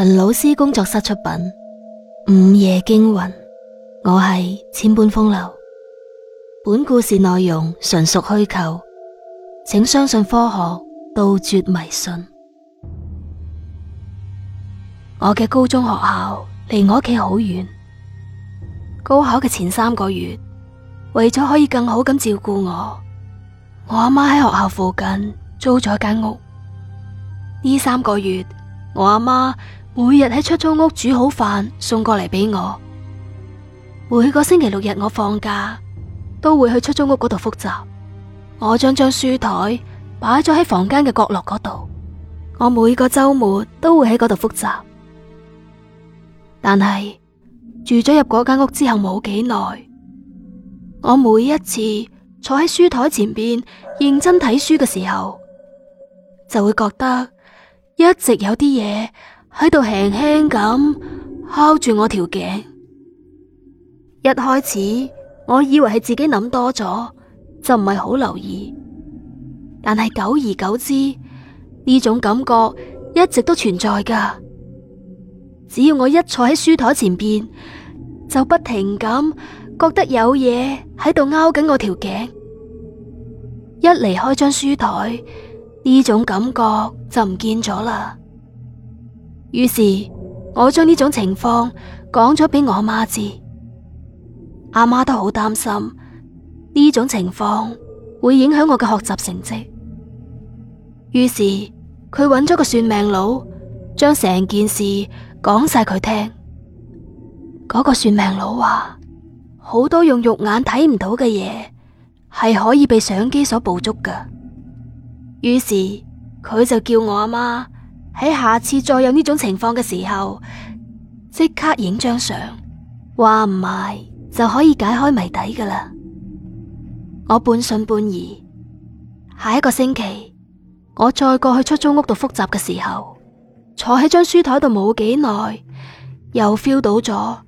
陳老師工作室出品《午夜驚魂》，我係千般風流。本故事內容純屬虛構，請相信科學，杜絕迷信。我嘅高中學校離我屋企好遠，高考嘅前三個月，為咗可以更好咁照顧我，我阿媽喺學校附近租咗一間屋。呢三個月，我阿媽。每日喺出租屋煮好飯送過嚟俾我。每個星期六日我放假都會去出租屋嗰度復習。我將張書台擺咗喺房間嘅角落嗰度。我每個周末都會喺嗰度復習。但係住咗入嗰間屋之後冇幾耐，我每一次坐喺書台前邊認真睇書嘅時候，就會覺得一直有啲嘢。喺度輕輕咁敲住我條頸。一開始我以為係自己諗多咗，就唔係好留意。但係久而久之，呢種感覺一直都存在噶。只要我一坐喺書台前邊，就不停咁覺得有嘢喺度勾緊我條頸。一離開張書台，呢種感覺就唔見咗啦。於是，我將呢種情況講咗俾我媽知，阿媽都好擔心呢種情況會影響我嘅學習成績。於是，佢揾咗個算命佬，將成件事講晒佢聽。嗰個算命佬話，好多用肉眼睇唔到嘅嘢係可以被相機所捕捉㗎。於是，佢就叫我阿媽，媽。喺下次再有呢種情況嘅時候，即刻影張相，話唔埋就可以解開謎底㗎啦。我半信半疑。下一個星期，我再過去出租屋度複習嘅時候，坐喺張書台度冇幾耐，又 feel 到咗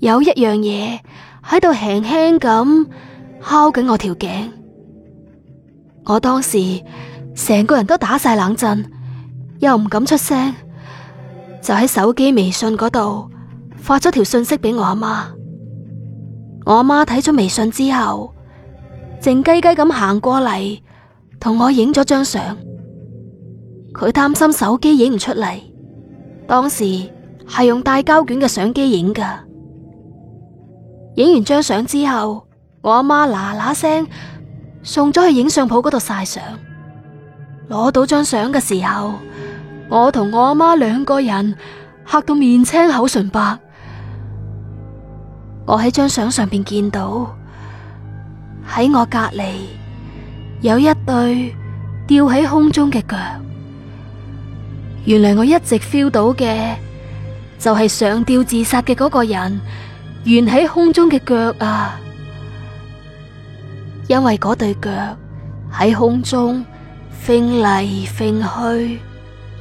有一樣嘢喺度輕輕咁敲緊我條頸。我當時成個人都打晒冷震。又唔敢出聲，就喺手機微信嗰度發咗條信息俾我阿媽。我阿媽睇咗微信之後，靜雞雞咁行過嚟，同我影咗張相。佢擔心手機影唔出嚟，當時係用帶膠卷嘅相機影噶。影完張相之後，我阿媽嗱嗱聲送咗去影相鋪嗰度曬相。攞到張相嘅時候，我同我阿媽兩個人吓到面青口唇白，我喺張相上邊見到喺我隔籬有一對吊喺空中嘅腳，原來我一直 feel 到嘅就係、是、上吊自殺嘅嗰個人懸喺空中嘅腳啊，因為嗰對腳喺空中飛嚟飛去。